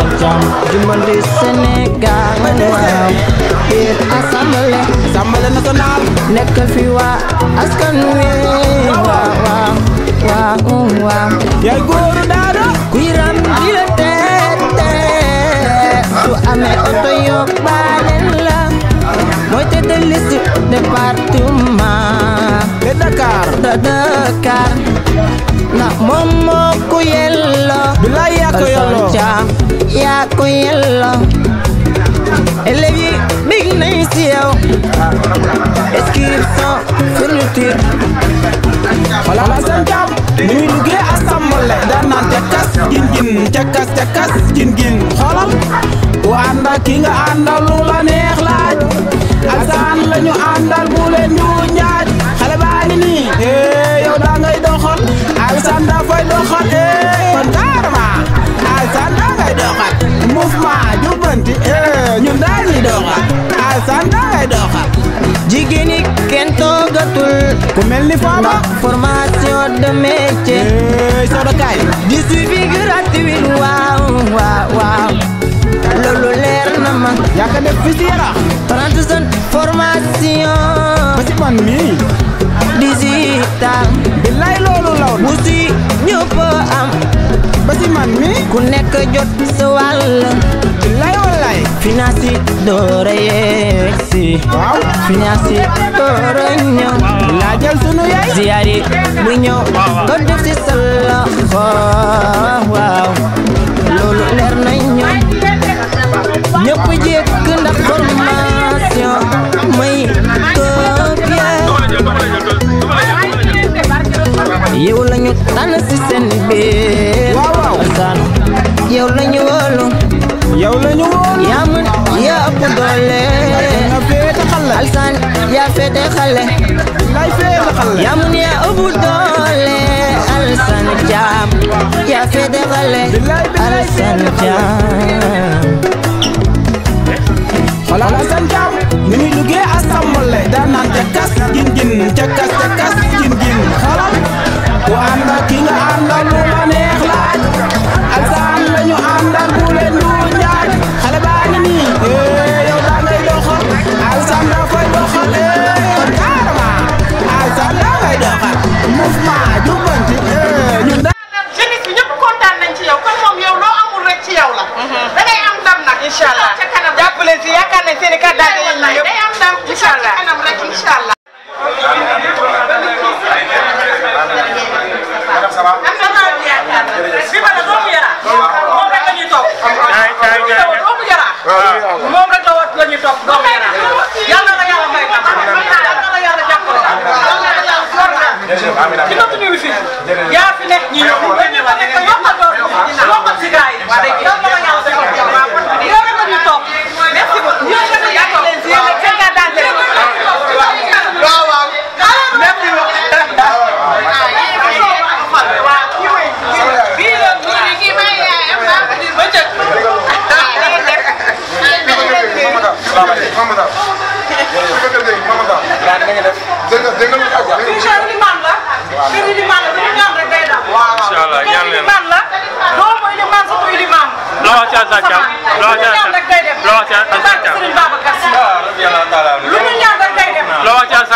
sab jàmm dimbali Sénégal waaw biir assemblée assemblée nationale nekkal fi waa askan wi waaw waaw waaw waaw yaay góoru daara kuy ram di la teete su amee oto yóbbaale mooy tête de liste département de Dakar de moom moo yelloo bilaay yaa ko yelloo yelloo élèves yi bég nañ si yow inscription fourniture seen jàpp muy duggee assemblée daan naan ca kas gin gin ca kas gin gin xoolal ku nga àndal lu la neex laaj alsaan la ñu bu leen ñu ñaaj xale eh yow daa ngay doxal alsaan daa fay eh kon karma alsaan daa ngay doxal mouvement eh ñun daal ni doxal alsaan daa ngay doxal jigéen ku ni formation de métier eh, sodo kaay di suivi gratuit waaw waaw waaw loolu leer na ma yaa def formation. man mii. digital. billaay loolu law na. musi ñëpp am. ba man mii. ku nekk jot sa billaay wallaay. finance yi door a yegg si. waaw laajal sunu yaay. ziyaari bu ñëw. nga def si waaw. loolu leer na ñëw. ñëpp jekk ndax may topp yow la yaa mën yaa ëpp doole alkaan yaa féete yaa mën yaa ëpp doole ni muy duggee assemblée daan naan ca kas gin gin ca kas ca kas gin gin xolal ku ànd ak ki nga àndal lu la neex laaj alsaan la ñu àndal bu leen du njaaj xale baa ngi nii eh. jërëjëf Amina bi dootu ñu fi yaa fi nekk ñi ñu ñu ñu ma nekk yokkal doon yokkal si gars yi yow dama yàlla defal yow waaw kon yow rek la ñu toog merci beaucoup ñu ngi leen yàgg leen si yéen rek seen gàtt daal leen waaw waaw merci Mamadou Mamadou Mamadou Mamadou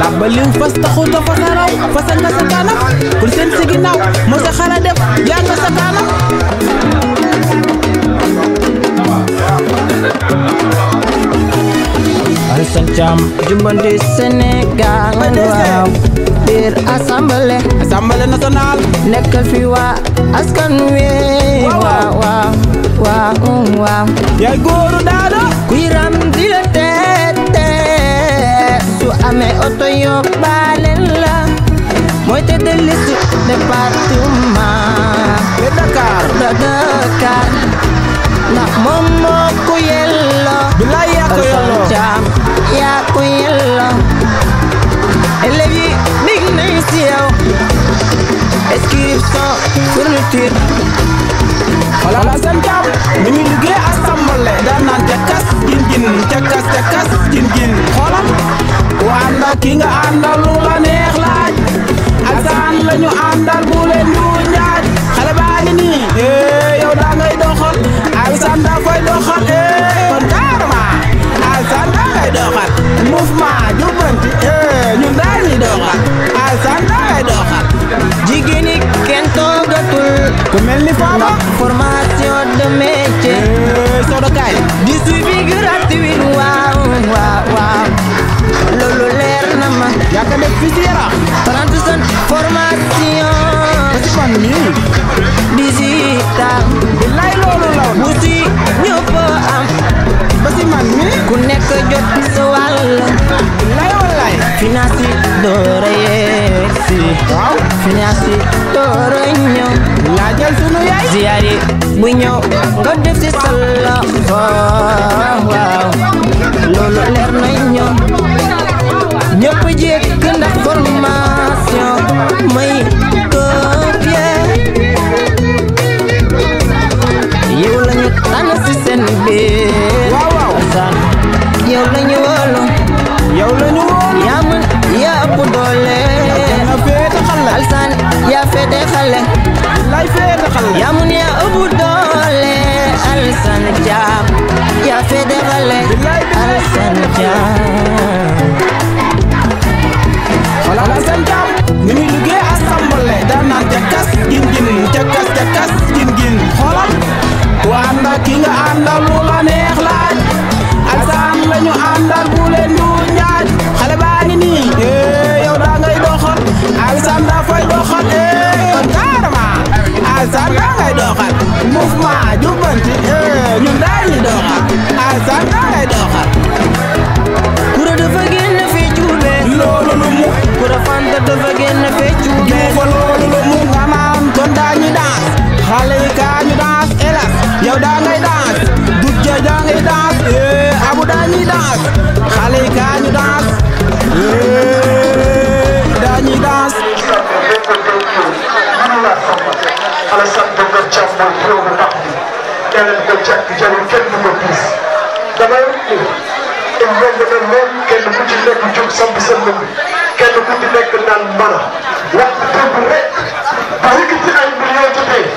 làmbal liw fas taxu dafa xaraw fasal nga sa kanam pour seen si ginnaaw moo sa xala def yaa nga sa kanam Alassane Thiam jumbante Sénégal waaw biir fi askan waaw waaw waaw waaw yaay góoru daado kuy ram di la teete su amee oto yóbbaale la mooy te delli si département de Dakar de Dakar moom moo ku yelloo bilaay yaa ko yelloo jaam yaa ko yelloo ki nga àndal lu la neex alsaan la ñu àndal bu leen ñu xale baa ngi nii eh, yow daa ngay alsaan daa koy doxal eh, kon karma alsaan daa ngay doxal mouvement jubbanti eh, ñun dañuy doxal alsaan daa ngay doxal jigéen ñi kenn toogatul fii si Yarax 30 personnes loolu law bu si ñëpp am ba si man ku nekk jot sa wàll bilaay wallaay finance si waaw finance yi door a sunu yaay bu ñëw def si sa loxo loolu leer na ñëw ñëpp jéeg may copier yow la ñu tànn si seen biir waaw waaw yow la ñu wóolu yow la ñu wóolu yaa mën yaa ëpp doole alsan yaa féete xale lay féete xale yaa mën yaa ëpp doole alsan jaam yaa féete xale alsan jaam Hola, la sentamos. ni muy duggee assemblée daan naan jakkas gin gin jakkas jakkas gin gin xoolal ku ànd ak la neex laaj alsaan lañu àndal bu leen Omar Thiam mooy xew na ndax bi keneen ko jàkk jarul kenn du ko piis damay wax ni il yomb na lool kenn ku ci nekk jóg samp sa ndënd kenn ku ci nekk naan mën a wax dëgg rek ba yëkkati ay millions jotee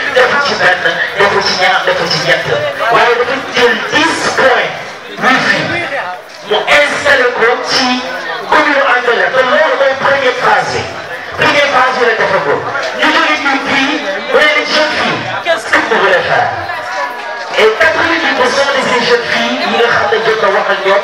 defu ci benn defu ci ñaar defu ci ñett waaye dafa jël dix points wifi mu installé ko ci commune Andola te loolu mooy première phase bi première phase bi la defagul ñu jógee ñu fii wala les jeunes filles qu'est-ce que vous voulez faire et quatre-vingt-dix pour cent des jeunes filles yi nga xam ne jot na wax ak ñoom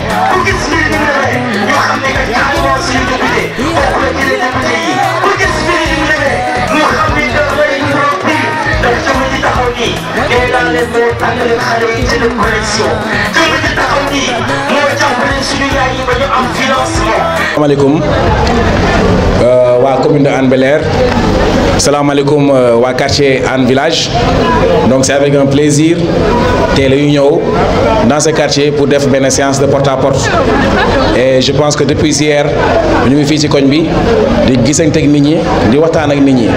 defee tàggale xale yi ci def correction jëmm ji taxaw nii moo jàppale suñu yaay yi ba ñu am financement. asalaamaaleykum. Euh, wa commune de anne Belair. air euh, wa quartier anne Village donc c'est avec un plaisir que a ñu dans ce quartier pour faire une séance de porte à porte et je pense que depuis hier nous avons fait ci qu'on bi di Nous ak nit ñi di waxtaan ak nit ñi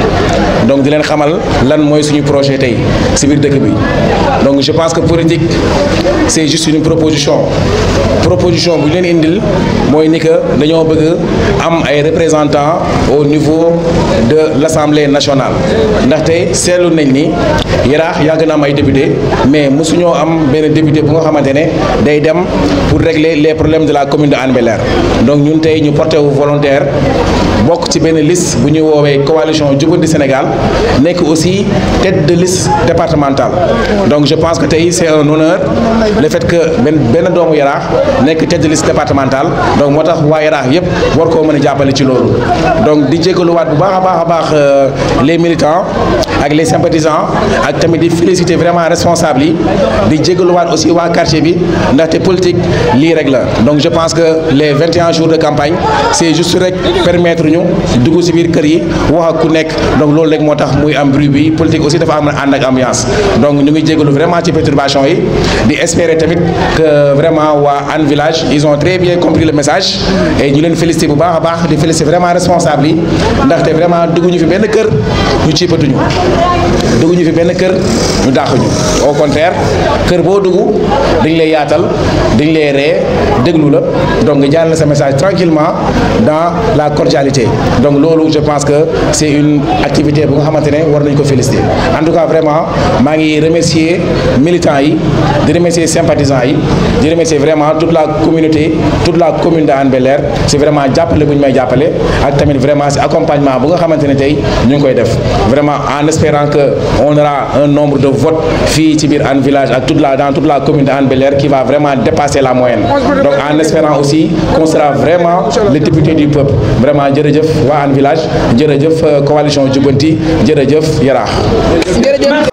donc di leen xamal lan donc je pense que politique c'est juste une proposition proposition bu ñu leen indil mooy ni que dañoo bëgg représentants au niveau de l'Assemblée nationale ndaxte seetlu nañ ni yaraax yàgg na am ay député mais mosuñoo am benn député bu nga xamante ne day dem pour régler les problèmes de la commune de Hann donc ñun tey ñu porté wu volontaire beaucoup ci liste bu ñuy woowee coalition du Sénégal nekk aussi tête de liste départementale donc je pense que c'est un honneur le fait que ben benn doomu que nekk tête de liste départementale donc moi pense que yaraax yëpp war koo mën a donc di jégaluwaat bu euh, les militants ak les sympathisants ak tamit di féliciter vraiment responsable DJ di aussi waa quartier bi politique irrégulière. donc je pense que les 21 jours de campagne c'est juste rek permettre du coup c'est donc rek bruit politique aussi dafa ambiance donc nous vraiment perturbation yi espérer que vraiment un Village ils ont très bien compris le message et ñu félicité vraiment responsable vraiment nous ñu fi kër au contraire kër lay yatal donc nous message tranquillement dans la cordialité donc je pense que c'est une activité que nous maintenir, féliciter en tout cas vraiment je remercie les militants les sympathisants je remercie vraiment toute la communauté toute la commune d'Anne Belaire. c'est vraiment un bu may vraiment accompagnement vraiment en espérant qu'on aura un nombre de votes filles ci un Village toute la dans toute la commune danne qui va vraiment dépasser la moyenne donc en espérant aussi qu'on sera vraiment les députés du peuple vraiment jërëjëf waa Hann Village jërëjëf euh, coalition Jubbanti jërëjëf Yaraax